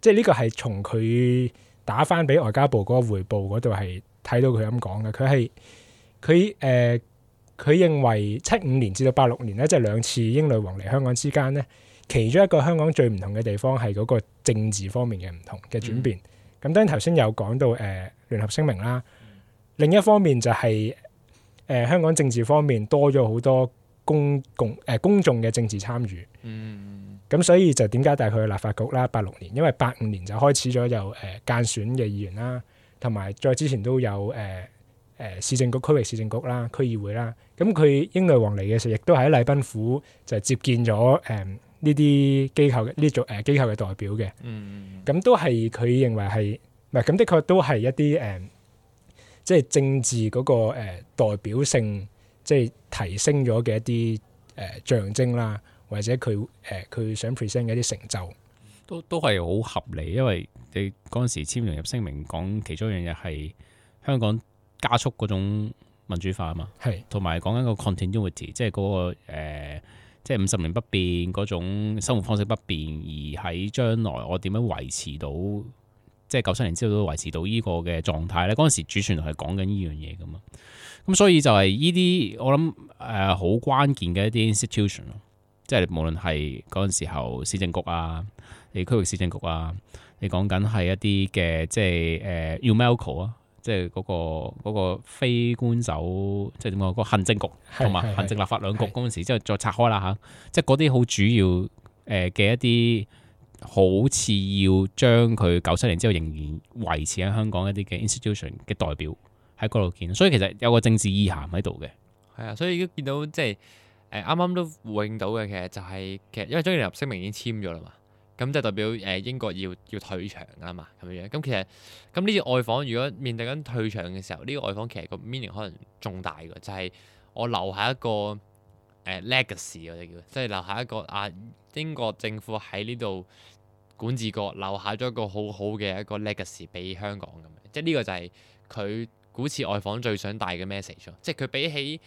即係呢個係從佢打返俾外交部嗰個回報嗰度係睇到佢咁講嘅。佢係佢誒佢認為七五年至到八六年呢，即係兩次英女王嚟香港之間呢，其中一個香港最唔同嘅地方係嗰個政治方面嘅唔同嘅轉變。咁、嗯、當然頭先有講到誒聯合聲明啦，另一方面就係誒香港政治方面多咗好多公共、呃、公眾嘅政治參與。嗯。咁所以就點解帶佢去立法局啦？八六年，因為八五年就開始咗有誒、呃、間選嘅議員啦，同埋再之前都有誒誒、呃、市政局、區域市政局啦、區議會啦。咁佢英女王嚟嘅時候，亦都喺禮賓府就接見咗誒呢啲機構嘅呢組誒機構嘅代表嘅。咁、嗯、都係佢認為係唔係咁？的確都係一啲誒、呃，即係政治嗰、嗰個、呃、代表性，即係提升咗嘅一啲誒、呃、象徵啦。或者佢誒佢想 present 嘅一啲成就，都都係好合理，因為你嗰陣時簽聯合聲明講其中一樣嘢係香港加速嗰種民主化啊嘛，係同埋講緊個 continuity，即係嗰、嗰個、呃、即係五十年不變嗰種生活方式不變，而喺將來我點樣維持到即係九七年之後都維持到個狀態呢個嘅狀態咧？嗰陣時主旋律係講緊呢樣嘢噶嘛，咁所以就係呢啲我諗誒好關鍵嘅一啲 institution 咯。即係無論係嗰陣時候市政局啊，地區域市政局啊，你講緊係一啲嘅即係誒 UMELCO 啊，即係嗰、呃嗯嗰個嗰個非官守，即係點講個行政局同埋行政立法兩局嗰陣時之後再拆開啦嚇，即係嗰啲好主要誒嘅一啲好似要將佢九七年之後仍然維持喺香港一啲嘅 institution 嘅代表喺嗰度見，所以其實有個政治意涵喺度嘅。係啊，所以都見到即係。誒啱啱都回應到嘅，其實就係、是、其實因為中英聯合聲明已經簽咗啦嘛，咁就代表誒、呃、英國要要退場啦嘛，咁樣，咁其實咁呢次外訪如果面對緊退場嘅時候，呢、這個外訪其實個 meaning 可能重大嘅，就係、是、我留下一個誒、呃、legacy 我哋叫，即、就、係、是、留下一個啊英國政府喺呢度管治過留下咗一個好好嘅一個 legacy 俾香港咁樣，即係呢個就係佢嗰次外訪最想帶嘅 message，即係佢比起。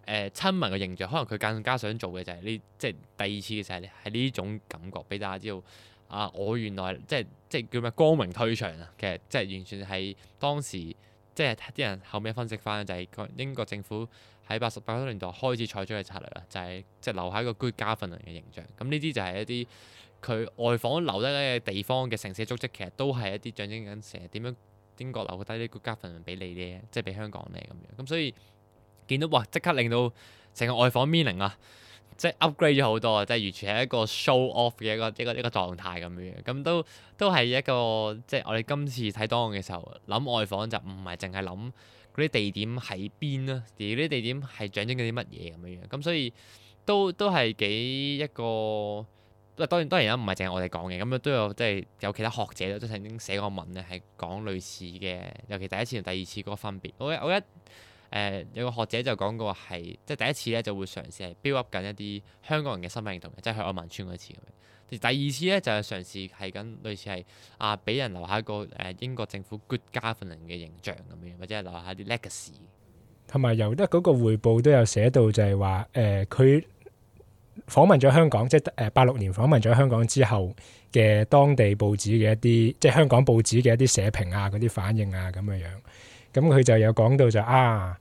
誒、呃、親民嘅形象，可能佢更加想做嘅就係呢，即、就、係、是、第二次嘅時候，呢，係呢種感覺俾大家知道啊！我原來即係即係叫咩光明退場啊！其實即係完全係當時即係啲人後尾分析翻就係、是、英國政府喺八十八十年代開始採取嘅策略啦，就係即係留下一個 good government 嘅形象。咁呢啲就係一啲佢外訪留低嘅地方嘅城市足跡，其實都係一啲象徵緊成日點樣英國留低啲 good government 俾你咧，即係俾香港咧咁樣。咁所以。見到哇！即刻令到成個外訪 meaning 啊，即係 upgrade 咗好多啊，即係完全係一個 show off 嘅一個一個一個狀態咁樣樣，咁都都係一個即係我哋今次睇檔案嘅時候，諗外訪就唔係淨係諗嗰啲地點喺邊啊，而嗰啲地點係象徵啲乜嘢咁樣樣，咁所以都都係幾一個，當然當然啦，唔係淨係我哋講嘅，咁樣都有即係有其他學者都曾經寫過文咧，係講類似嘅，尤其第一次同第二次嗰個分別，我我一。誒、呃、有個學者就講過係，即係第一次咧就會嘗試係 build up 緊一啲香港人嘅身份認同，即係去愛民村嗰次。第二次咧就係嘗試係緊類似係啊，俾人留下一個誒英國政府 good governance 嘅形象咁樣，或者係留下啲 legacy。同埋由得嗰個匯報都有寫到，就係話誒佢訪問咗香港，即係誒八六年訪問咗香港之後嘅當地報紙嘅一啲，即係香港報紙嘅一啲社評啊嗰啲反應啊咁樣樣。咁佢就有講到就啊，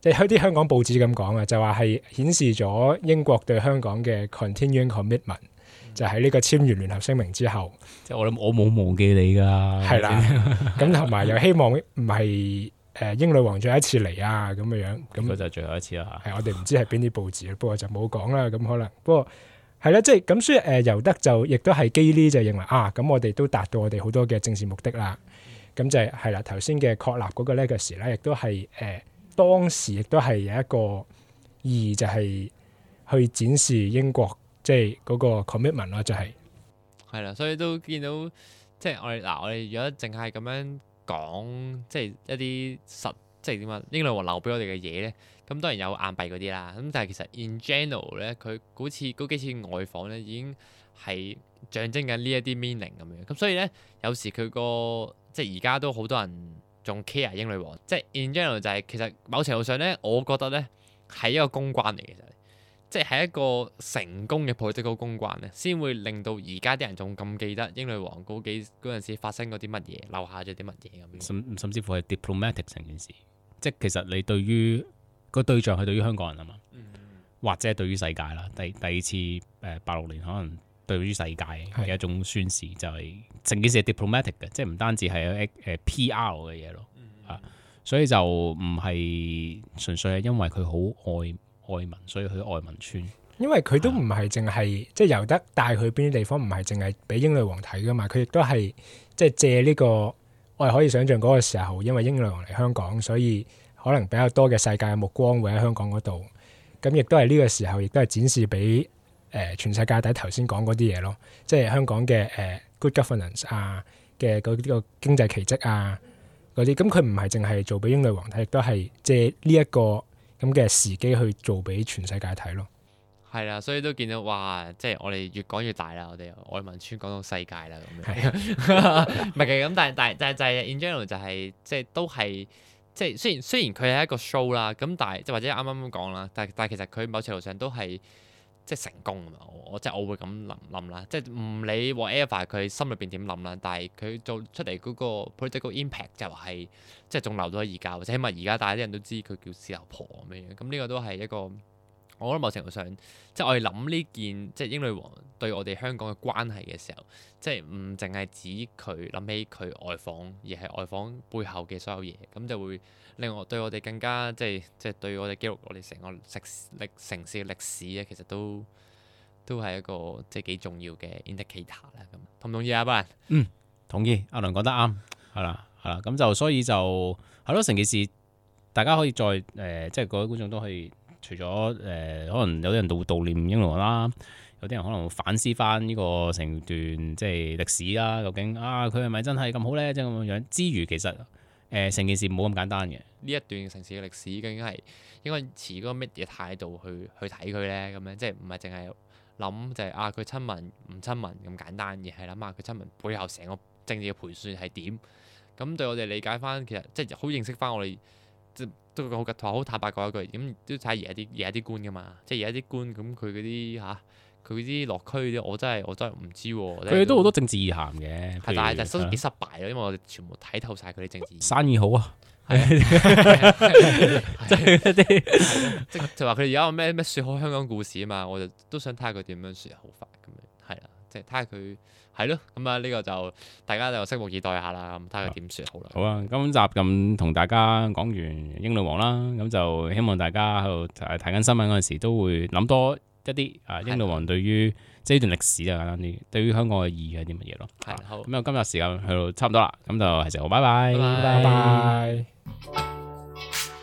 即係有啲香港報紙咁講啊，就話係顯示咗英國對香港嘅 continuing commitment，嗯、就喺呢個簽完聯合聲明之後，即係、嗯就是、我諗我冇忘記你噶，係啦的。咁同埋又希望唔係誒英女王再一次嚟啊咁嘅樣，咁就最後一次啦。係我哋唔知係邊啲報紙， 不過就冇講啦。咁可能不過係啦，即係咁。所以誒，尤德就亦都係基於呢就認為啊，咁我哋都達到我哋好多嘅政治目的啦。咁就係係啦，頭先嘅確立嗰個咧個時咧，亦都係誒、呃、當時亦都係有一個意義，就係、是、去展示英國即係嗰個 commitment 啦、就是，就係係啦，所以都見到即係我哋嗱，我哋如果淨係咁樣講，即係一啲實即係點啊？英女王留俾我哋嘅嘢咧，咁當然有硬幣嗰啲啦，咁但係其實 in general 咧，佢好似嗰幾次外訪咧，已經係象徵緊呢一啲 meaning 咁樣，咁所以咧有時佢個。即係而家都好多人仲 care 英女王，即係 in general 就係其實某程度上咧，我覺得咧係一個公關嚟嘅，即係一個成功嘅破積高公關咧，先會令到而家啲人仲咁記得英女王嗰幾嗰陣時發生過啲乜嘢，留下咗啲乜嘢咁。甚甚至乎係 diplomatic 成件事，即係其實你對於、嗰個對象係對於香港人啊嘛，嗯、或者係對於世界啦。第第二次誒八六年可能。對於世界嘅一種宣示，就係、是、成件事係 diplomatic 嘅，即係唔單止係一 PR 嘅嘢咯，嗯、啊，所以就唔係純粹係因為佢好愛愛民，所以去愛民村。因為佢都唔係淨係即係由得帶去邊啲地方，唔係淨係俾英女王睇噶嘛。佢亦都係即係借呢、這個我哋可以想象嗰個時候，因為英女王嚟香港，所以可能比較多嘅世界嘅目光會喺香港嗰度。咁亦都係呢個時候，亦都係展示俾。誒全世界第一頭先講嗰啲嘢咯，即係香港嘅誒、呃、good governance 啊，嘅嗰啲個經濟奇蹟啊嗰啲，咁佢唔係淨係做俾英女王睇，亦都係借呢、這、一個咁嘅時機去做俾全世界睇咯。係啦、啊，所以都見到哇，即係我哋越講越大啦，我哋愛文村講到世界啦咁樣。係是啊， 唔係嘅，咁但係但係就係就係 in general 就係、是、即係都係即係雖然雖然佢係一個 show 啦，咁但係即係或者啱啱咁講啦，但係但係其實佢某程度上都係。即係成功㗎嘛，我即係我會咁諗諗啦，即係唔理 whatever 佢心裏邊點諗啦，但係佢做出嚟嗰個 project 個 impact 就係即係仲留到喺而家，或者起碼而家大家啲人都知佢叫事頭婆咁樣，咁呢個都係一個。我覺得某程度上，即係我哋諗呢件即係英女王對我哋香港嘅關係嘅時候，即係唔淨係指佢諗起佢外訪，而係外訪背後嘅所有嘢，咁就會令我對我哋更加即係即係對我哋記錄我哋成個歷城市嘅歷史嘅，其實都都係一個即係幾重要嘅 indicator 啦。咁同唔同意啊？班嗯，同意。阿涼講得啱，係啦，係啦。咁就所以就係咯，成件事大家可以再誒、呃，即係各位觀眾都可以。除咗誒、呃，可能有啲人都悼念英皇啦，有啲人可能會反思翻呢個成段即係歷史啦。究竟啊，佢係咪真係咁好咧？即係咁樣。之餘，其實誒成、呃、件事冇咁簡單嘅。呢一段城市嘅歷史，究竟係應該持嗰個乜嘢態度去去睇佢咧？咁樣即係唔係淨係諗就係、是、啊佢親民唔親民咁簡單，而係諗下佢親民背後成個政治嘅盤算係點？咁對我哋理解翻，其實即係好認識翻我哋即。都好嘅，同埋好坦白講一句，咁都睇而家啲而家啲官㗎嘛，即係而家啲官咁佢嗰啲吓，佢嗰啲落區嗰啲，我真係我真係唔知喎。佢哋都好多政治意涵嘅。但係就失幾失敗咯，因為我哋全部睇透晒佢啲政治意生意好啊。即係即即就話佢哋而家咩咩説好香港故事啊嘛，我就都想睇下佢點樣説好法咁樣。睇下佢係咯，咁啊呢個就大家就拭目以待下啦，咁睇下佢點算好啦。好啊，今集咁同大家講完英女王啦，咁就希望大家喺度睇緊新聞嗰陣時都會諗多一啲啊，英女王對於的即係呢段歷史啊，對於香港嘅意義係啲乜嘢咯。係好，咁啊，今日時間去到差唔多啦，咁就係時候拜拜。拜拜 bye。Bye bye。